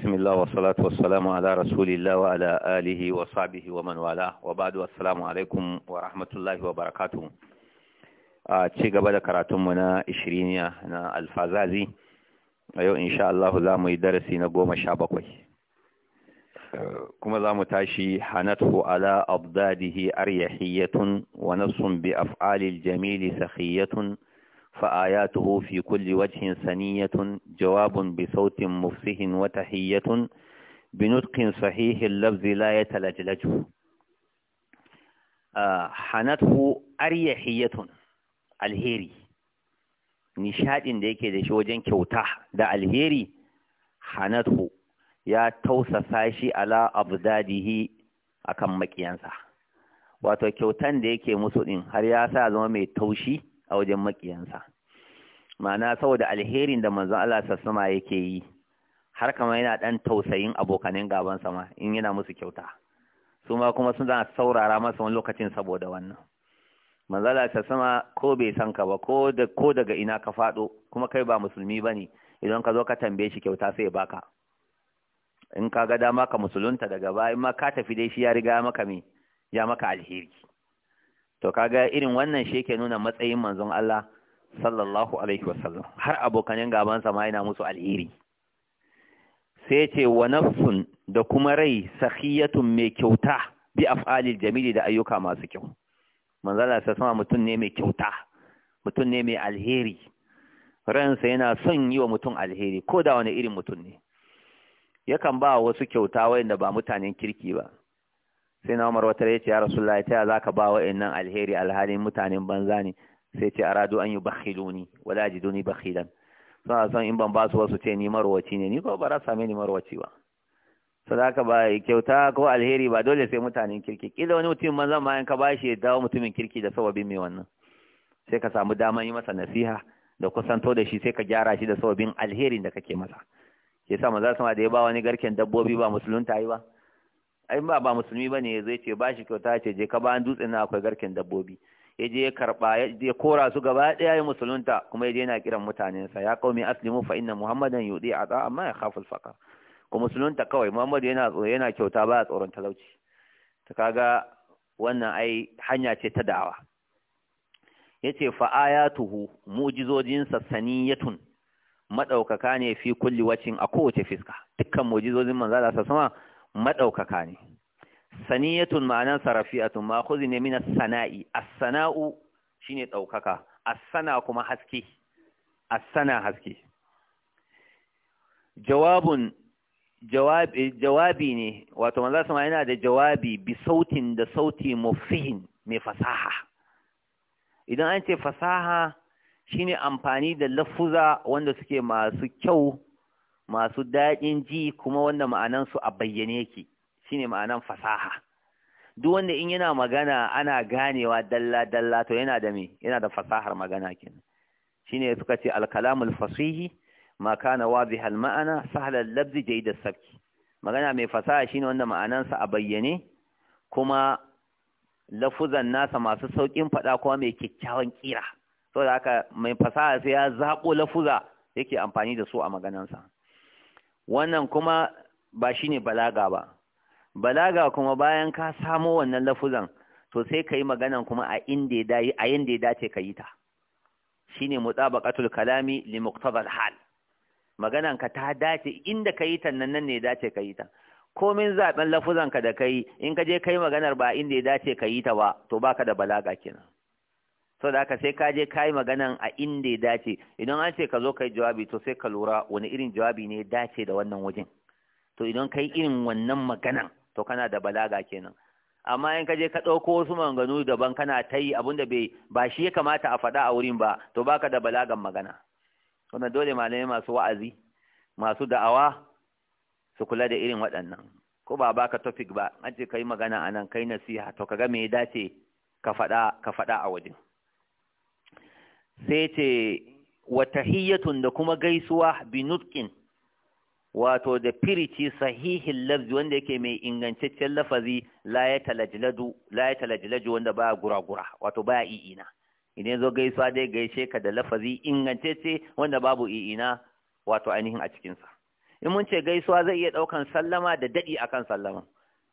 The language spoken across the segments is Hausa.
بسم الله والصلاة والسلام على رسول الله وعلى آله وصحبه ومن والاه وبعد السلام عليكم ورحمة الله وبركاته ci gaba da karatunmu na ishiriniya na alfazazi a yau insha Allah za mu yi darasi na goma sha bakwai kuma za mu tashi hanatu ala abdadihi aryahiyatun wa nafsun bi af'alil jamili sakhiyatun فآياته في كل وجه سنية جواب بصوت مفسه وتحية sahihin صحيح اللفظ لا يتلجلجه آه حنته أريحية alheri nishadin da yake da shi wajen kyauta da alheri hanatu ya tausasa shi ala abdadihi akan makiyansa wato kyautan da yake musu din har ya sa zama mai taushi a wajen makiyansa ma'ana saboda alherin da manzon Allah sassama yake yi har kama yana ɗan tausayin abokanin gaban sama in yana musu kyauta su ma kuma suna saurara masa wani lokacin saboda wannan manzon Allah sassama ko bai san ka ba ko daga ina ka faɗo kuma kai ba musulmi bane idan ka zo ka tambaye shi kyauta sai baka in ka ga dama ka musulunta daga baya in ma ka tafi dai shi ya riga maka me ya maka alheri to kaga irin wannan shi yake nuna matsayin manzon Allah sallallahu alaihi wasallam har abokanin gabansa ma yana musu alheri sai ce wa nafsun da kuma rai sakhiyatun mai kyauta bi af'alil jamili da ayyuka masu kyau Allah sai sama mutum ne mai kyauta mutum ne mai alheri ransa yana son yi wa mutum alheri ko da wani irin mutum ne yakan ba wasu kyauta wayanda ba mutanen kirki ba sai na umar wata ya ce ya ta za ka ba wa nan alheri alhalin mutanen banza ne sai ce aradu an yi bakhiluni wala jiduni bakhilan suna son in ban basu su wasu ce ni marwaci ne ni ko ba za same ni marwaci ba sadaka ba kyauta ko alheri ba dole sai mutanen kirki kila wani mutum manzan ma ka ba shi ya dawo mutumin kirki da sababin mai wannan sai ka samu damar yi masa nasiha da kusanto da shi sai ka gyara shi da sababin alherin da kake masa sa maza sama da ya ba wani garken dabbobi ba musulunta yi ba ai ba ba musulmi bane zai ce ba shi kyauta ce je ka bayan dutsen na akwai garken dabbobi ya je ya karba ya kora su gaba daya ya musulunta kuma ya je yana kiran mutanensa ya qaumi aslimu fa inna muhammadan yudi ata amma ya khafu alfaqa faqr musulunta kawai muhammad yana yana kyauta ba tsoron talauci ta kaga wannan ai hanya ce ta da'awa yace fa ayatuhu mu'jizojinsa saniyatun madaukaka ne fi kulli wacin a kowace fiska dukkan mu'jizojin manzo Allah sama maɗaukaka ne saniyatun ma'anan sarafiyatun ma kuzi ne mina sana'i a sanau shine ɗaukaka a sana kuma haske a sana haske jawabin jawabi ne wato manzo sama yana da jawabi bi sautin da sauti mufihin mai fasaha idan an ce fasaha shine amfani da lafuza wanda suke masu kyau masu daɗin ji kuma wanda ma'anansu a bayyane yake shine ma'anan fasaha duk wanda in yana magana ana ganewa dalla dalla to yana da me yana da fasahar magana kenan shine suka ce alkalamul fasihi ma kana wadihal ma'ana sahla labzi as-sabki magana mai fasaha shine wanda ma'anansa a bayyane kuma lafuzan nasa masu saukin fada kuma mai kikkiawan kira saboda haka mai fasaha sai ya zaɓo lafuza yake amfani da su a maganansa wannan kuma ba shine balaga ba balaga kuma bayan ka samo wannan lafuzan to sai ka yi maganan kuma a inda ya dace ka yi ta shine mutabaqatul kalami li hal maganan ka ta dace inda ka yi ta nan ne dace ka yi ta komin lafuzanka lafuzan ka da in ka je ka yi maganar ba inda ya dace ka yi ta ba to baka da balaga kenan so da haka sai ka je ka yi a inda ya dace idan an ce ka zo ka yi jawabi to sai ka lura wani irin jawabi ne dace da wannan wajen to idan ka irin wannan maganan to kana da balaga kenan amma in ka je ka ɗauko wasu maganganu daban kana ta yi abinda bai ba shi ya kamata a faɗa a wurin ba to baka da balagan magana wannan dole malamai masu wa'azi masu da'awa su kula da irin waɗannan ko ba baka topic ba an ce yi magana anan kai nasiha to ka ga me ya dace ka faɗa ka faɗa a wajen sai ce wa tahiyyatun da kuma gaisuwa binutkin wato da firici sahihin lafzi wanda yake mai ingantaccen lafazi la ya talajlaju wanda baya gura-gura wato baya i'ina idan zo gaisuwa dai gaishe ka da lafazi ingantacce wanda babu i'ina wato ainihin a cikinsa in mun ce gaisuwa zai iya ɗaukan sallama da daɗi akan sallama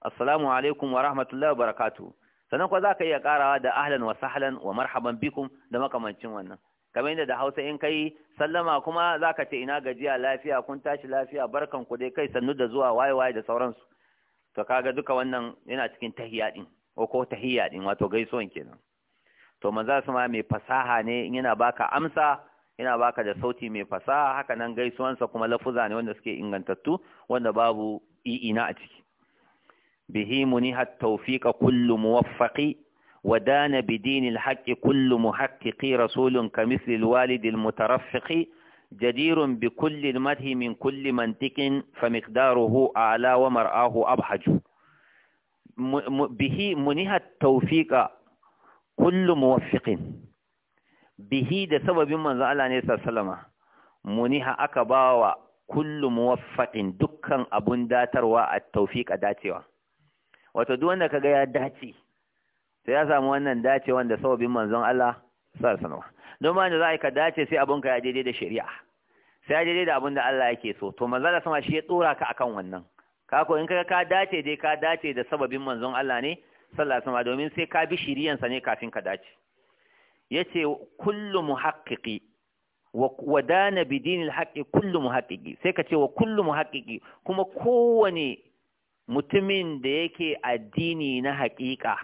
assalamu alaikum wa rahmatullahi wa barakatuh sannan kuwa za ka iya karawa da ahlan wa sahlan wa marhaban bikum da makamancin wannan kamar yadda da hausa in kai sallama kuma za ka ce ina gajiya lafiya kun tashi lafiya barkan ku dai kai sannu da zuwa waye waye da sauransu to kaga duka wannan yana cikin tahiyya din ko tahiyya din wato gaisuwan kenan to manzo su ma mai fasaha ne yana baka amsa yana baka da sauti mai fasaha haka nan gaisuwansa kuma lafuza ne wanda suke ingantattu wanda babu i'ina a ciki به منها التوفيق كل موفق ودان بدين الحق كل محقق رسول كمثل الوالد المترفق جدير بكل المده من كل منطق فمقداره أعلى ومرآه أبحج به منها التوفيق كل موفق به ده سبب من ذا الله عليه وسلم منها أكباوة كل موفق دكا أبن داتر والتوفيق داتيوه wato duk wanda kaga ya dace sai ya samu wannan dace wanda sababin manzon Allah sallallahu alaihi don ba da za ka dace sai abun ka ya daidai da shari'a sai ya daidai da abun da Allah yake so to manzon Allah sama shi ya tsora ka akan wannan ka ko in kaga ka dace dai ka dace da sababin manzon Allah ne sallallahu alaihi wasallam domin sai ka bi sa ne kafin ka dace yace kullu muhaqqiqi wa dana bi dinil haqqi kullu muhaqqiqi sai ka ce wa kullu muhaqqiqi kuma kowane mutumin da yake addini na haƙiƙa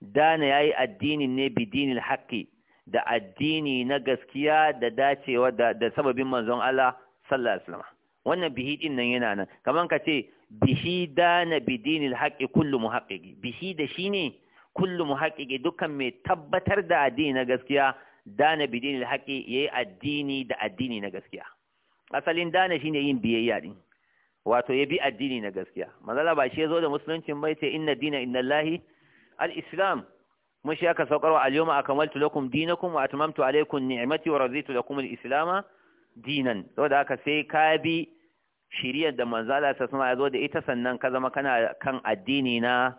dana ya yi addini ne bidinin haƙƙi da addini na gaskiya da dacewa da, sababin manzon Allah sallallahu alaihi wasallam wannan bihi din nan yana nan kaman ka ce bihi dana bidinil kullum kullu muhaqqiqi bihi da shi ne kullu muhaqqiqi dukkan mai tabbatar da addini na gaskiya dana bidinil ya yayi addini da addini na gaskiya asalin dana shine yin biyayya din wato ya bi addini na gaskiya manzala ba shi ya zo da musuluncin bai ce inna dina inna lahi al-islam mun shi aka saukarwa al-yawma akamaltu lakum dinakum wa atmamtu alaykum ni'mati wa raditu lakum al islama dinan da haka sai ka bi shiriyar da manzala ta sama ya zo da ita sannan ka zama kana kan addini na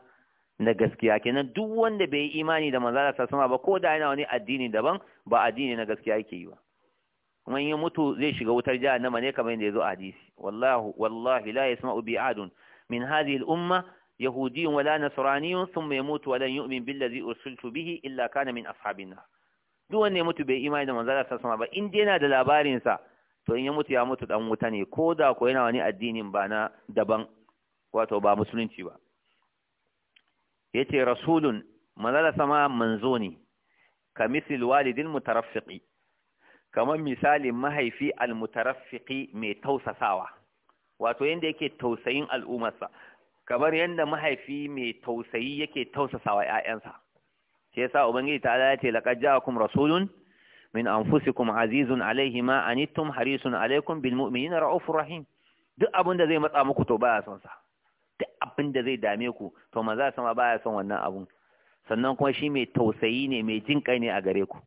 na gaskiya kenan duk wanda bai yi imani da manzala ta sama ba ko da yana wani addini daban ba addini na gaskiya yake yi ba kuma in ya mutu zai shiga wutar jahannama ne kamar yadda ya zo a hadisi wallahu wallahi la yasma'u bi ahadun min hadhihi al-umma yahudiyyun wala nasraniyyun thumma yamutu wa lan yu'min billazi ursiltu bihi illa kana min ashabin nar duk wanda ya mutu bai imani da manzala sa sama ba in dai yana da labarin sa to in ya mutu ya mutu dan wuta ne ko da ko yana wani addinin ba na daban wato ba musulunci ba yace rasulun manzala sama manzo ne kamisil walidin mutaraffiqi kamar misalin mahaifi almutarafiki mai tausasawa wato yadda yake tausayin al'ummarsa kamar yadda mahaifi mai tausayi yake tausasawa yayansa shi yasa ubangiji ta ala ya ce ja kuma rasulun min anfusikum azizun alaihi ma anittum harisun alaikun bil mu'minina ra'ufur rahim duk abin da zai matsa muku to baya son sa duk abin da zai dame ku to maza sama baya son wannan abun sannan kuma shi mai tausayi ne mai jinƙai ne a gare ku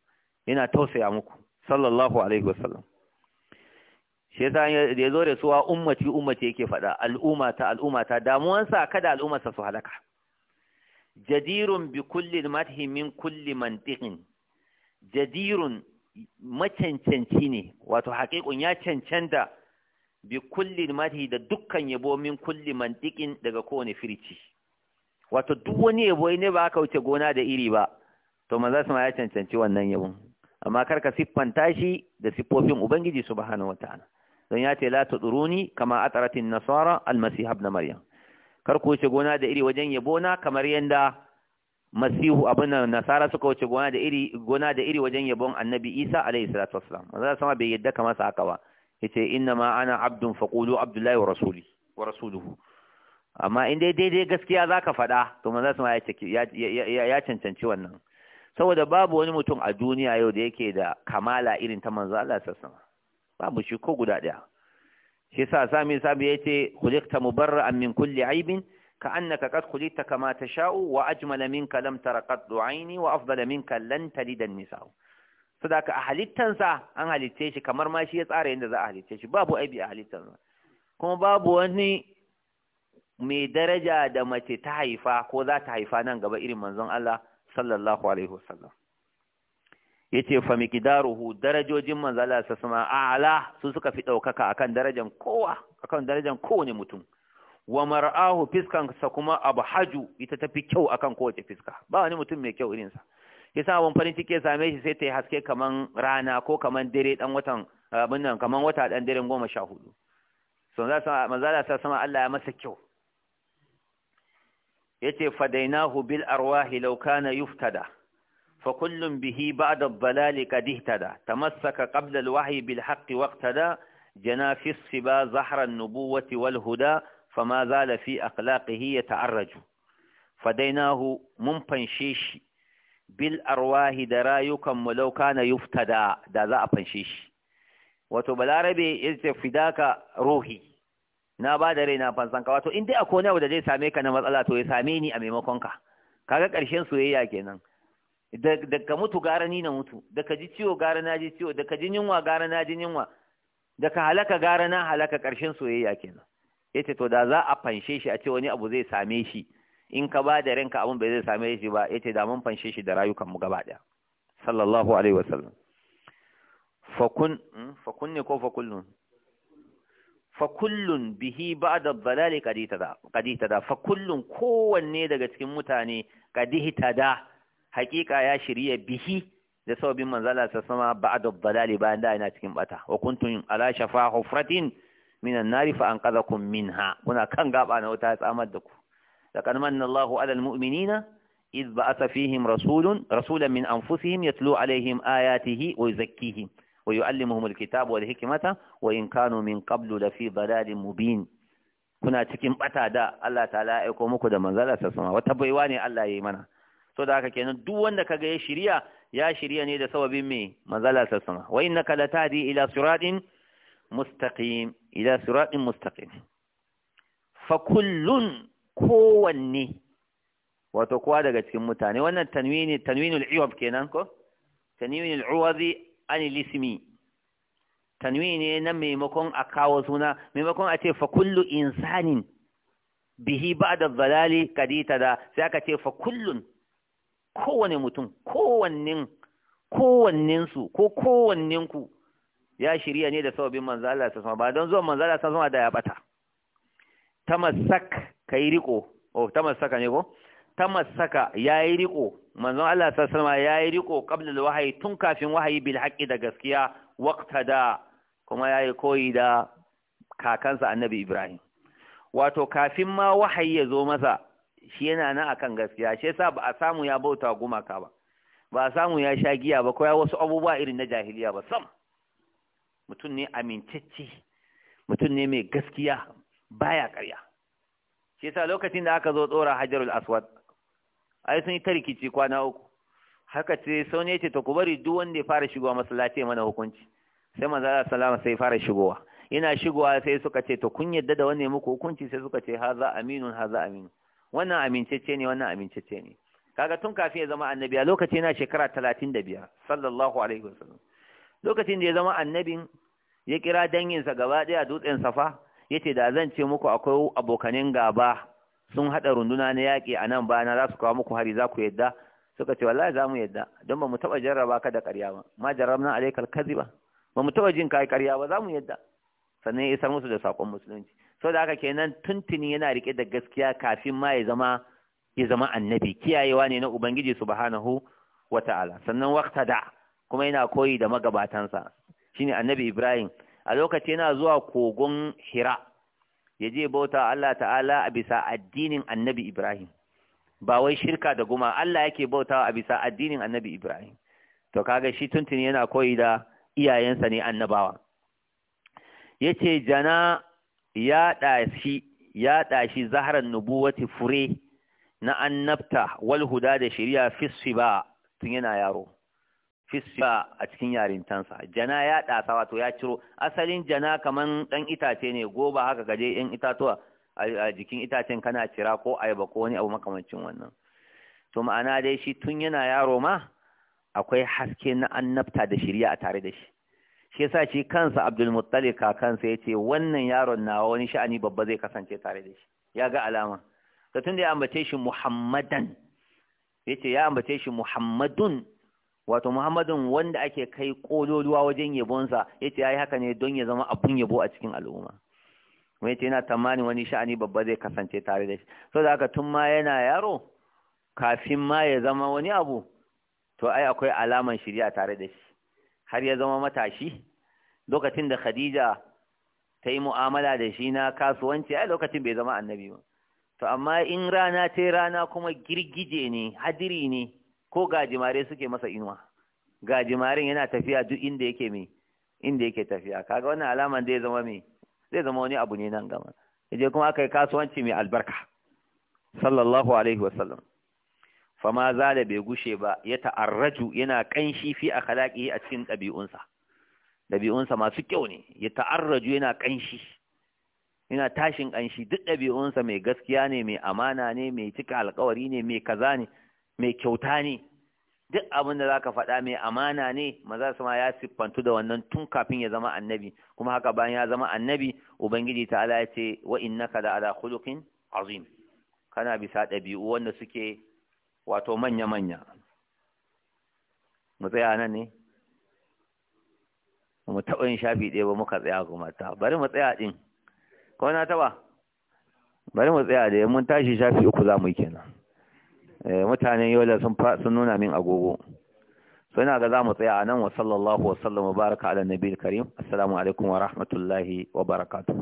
yana tausaya muku sallallahu alaihi wasallam shi yasa ya zo da suwa ummati ummati yake faɗa al'umma ta al'umma ta damuwansa kada al'umma sa su halaka jadirun bi kulli madhi min kulli mantiqin jadirun macancanci ne wato haƙiƙun ya cancanta bi kulli madhi da dukkan yabo min kulli mantiqin daga kowane firici wato duk wani yabo ne ba ka wuce gona da iri ba to manzo ya cancanci wannan yabon amma kar ka siffanta shi da siffofin ubangiji subhanahu wataala don ya ce la tuduruni kama atratin nasara almasih ibn maryam kar ku wuce gona da iri wajen yabona kamar yanda masihu abin nasara suka wuce gona da iri gona da iri wajen yabon annabi isa alayhi salatu wassalam manzo sama bai yadda kamar sa haka ba yace inna ma ana abdun faqulu abdullahi wa rasuli wa rasuluhu amma in dai daidai gaskiya zaka faɗa to manzo sama ya ya cancanci wannan saboda babu wani mutum a duniya yau da yake da kamala irin ta manzo Allah babu shi ko guda ɗaya shi sa sami sabi ya ce kulikta mubarra'an min kulli aibin ka annaka qad khuliqta kama tasha'u wa ajmala minka lam tara qaddu wa afdala minka lan talida an nisa. sadaka a halittansa an halitte shi kamar ma shi ya tsara yadda za a halitte shi babu aibi a sa kuma babu wani mai daraja da mace ta haifa ko za ta haifa nan gaba irin manzon Allah sallallahu alaihi wasallam yace fa miqdaruhu darajojin manzo Allah sama a'la su suka fi daukaka akan darajan kowa akan darajan kowane mutum wa mar'ahu fiskan sa kuma abhaju ita tafi kyau akan kowace fiska ba wani mutum mai kyau irin sa yasa abun farin ciki ya same shi sai ta yi haske kaman rana ko kaman dare dan watan abin nan kaman wata dan dare goma sha hudu so manzo Allah sama Allah ya masa kyau يتي فديناه بالأرواح لو كان يفتدى فكل به بعد الضلال قد اهتدى تمسك قبل الوحي بالحق واقتدى جنا في الصبا زحر النبوة والهدى فما زال في أخلاقه يتعرج فديناه ممن شيش بالأرواح درايكا ولو كان يفتدى دا ذا أبن شيش وتبالاربي إذ روحي na ba da raina fansan ka wato in dai akwai wani abu da zai same ka na matsala to ya same ni a maimakon ka kaga ƙarshen soyayya kenan da ka mutu gara ni na mutu da ka ji ciwo gara na ji ciwo da ka ji yunwa gara na ji yunwa da ka halaka gara na halaka ƙarshen soyayya kenan yace to da za a fanshe shi a ce wani abu zai same shi in ka ba da ranka abun bai zai same shi ba yace da mun fanshe shi da rayukan mu gaba daya sallallahu alaihi wasallam fakun hmm? fakun ne ko fakullun fakullun bihi ba'da dhalali qadita da fakullun kowanne daga cikin mutane qadita da hakika ya shirye bihi da sababin manzala ta sama ba'da dhalali bayan da yana cikin bata wa kuntum ala shafa hufratin minan nari fa anqadhakum minha kuna kan gaba na wuta tsamar da ku laqad manna Allahu ala almu'minina idh ba'atha fihim rasulun rasulan min anfusihim yatlu alaihim ayatihi wa yuzakkihim ويعلمهم الكتاب والحكمة وإن كانوا من قبل لفي ضلال مبين kuna cikin bata da Allah ta'ala ya aiko muku da manzala sa sama wata baiwa ne Allah ya yi mana so da haka kenan duk wanda kaga ya shirya ya shirya ne da sababin me manzala sa sama wa innaka latadi ila siratin mustaqim ila siratin mustaqim fa kullun kowanne wato kowa daga cikin mutane wannan tanwini tanwinul iwab kenan ko tanwinul uwazi anil ismi tanwi ne na maimakon a kawo suna maimakon a ce fa kullu insanin bihi ba'da zalali kadita da sai aka ce fa kullun kowane mutum kowannin, kowannen su ko kowannen ku ya shirya ne da sababin manzo Allah ta sama ba don zuwa manzo Allah ta da ya bata tamassak kai riko oh tamassaka ne ko tamassaka yayi riko manzon Allah ta sama ya yi riko ƙablil wahayi tun kafin wahayi bil da gaskiya wakta da kuma ya yi koyi da kakansa annabi Ibrahim. Wato kafin ma wahayi ya zo masa shi yana nan akan gaskiya shi yasa ba a samu ya bauta gumaka ba ba a samu ya sha giya ba ko ya wasu abubuwa irin na jahiliya ba sam mutum ne amintacce mutum ne mai gaskiya baya ƙarya shi yasa lokacin da aka zo tsora hajarul aswad ai sun yi ta rikici kwana uku haka ce sauni ya ce ta ku bari duk wanda ya fara shigowa masallaci mana hukunci sai manzo Allah sallama sai fara shigowa Ina shigowa sai suka ce to kun yadda da ya muku hukunci sai suka ce haza aminun haza aminun wannan amincece ne wannan amincece ne kaga tun kafin ya zama annabi a lokacin yana shekara talatin da biyar sallallahu alaihi wasallam lokacin da ya zama annabin ya kira danginsa gaba ɗaya dutsen safa ya ce da zan ce muku akwai abokanin gaba sun haɗa runduna na yaƙi a nan bana za su kawo muku hari za ku yadda suka ce wallahi za mu yadda don ba mu taɓa jarraba ka da ƙarya ba ma jarrabna alaikal kaziba ba ba mu taɓa jin kai ƙarya ba za mu yadda sannan ya isar musu da saƙon musulunci sau da haka kenan tuntuni yana riƙe da gaskiya kafin ma ya zama ya zama annabi kiyayewa ne na ubangiji subhanahu wata'ala sannan da kuma yana koyi da magabatansa shine annabi ibrahim a lokaci yana zuwa kogon hira ya je bauta Allah ta'ala a bisa addinin annabi Ibrahim ba wai shirka da guma Allah yake bauta a bisa addinin annabi Ibrahim to kaga shi tuntun yana koyi da iyayensa ne annabawa yace jana ya ɗashi ya dashi zaharan nubuwati fure na annabta wal huda da shari'a fisfi ba, tun yana yaro fisfa a cikin yarintansa jana ya ɗasa wato ya ciro asalin jana kaman ɗan itace ne goba haka gaje ɗan itatuwa a jikin itacen kana cira ko ayaba ko wani abu makamancin wannan to ma'ana dai shi tun yana yaro ma akwai haske na annabta da shirya a tare da shi shi yasa shi kansa Abdul Muttalib kakansa yace wannan yaron nawa wani sha'ani babba zai kasance tare da shi ya ga alama to tunda ya ambace shi Muhammadan yace ya ambace shi Muhammadun wato muhammadun wanda ake kai kololuwa wajen yabonsa ya ce ya haka ne don ya zama abun yabo a cikin al'umma Wai ce yana tamanin wani sha'ani babba zai kasance tare da shi so da haka tun ma yana yaro kafin ma ya zama wani abu to ai akwai alaman shirya tare da shi har ya zama matashi lokacin da khadija ta yi mu'amala da shi na kasuwanci ai lokacin bai zama annabi ba to amma in rana ta rana kuma girgije ne hadiri ne ko gajimare suke masa inuwa gajimaren yana tafiya duk inda yake mai inda yake tafiya kaga wannan alaman zai zama mai zai zama wani abu ne nan gaba yaje kuma aka yi kasuwanci mai albarka sallallahu alaihi wasallam ma zala bai gushe ba ya ta'arraju yana kanshi fi khalaqi a cikin ɗabi'unsa ɗabi'unsa masu kyau ne ya ta'arraju yana kanshi yana tashin kanshi duk ɗabi'unsa mai gaskiya ne mai amana ne mai cika alƙawari ne mai kaza ne mai kyauta ne duk abin da zaka faɗa mai amana ne maza su ma ya siffantu da wannan tun kafin ya zama annabi kuma haka bayan ya zama annabi ubangiji ta ala ya ce wa innaka da ala khuluqin azim kana bisa ɗabi'u wanda suke wato manya manya mu tsaya nan ne mu taɓa yin shafi ɗaya ba muka tsaya kuma ta bari mu tsaya ɗin ko na taɓa bari mu tsaya da mun tashi shafi uku za mu yi kenan Eh, mutanen yola sun sun nuna min agogo so ina ga zamu tsaya anan wa sallallahu wa Wa baraka ala nabiyil karim assalamu alaikum wa rahmatullahi wa barakatuh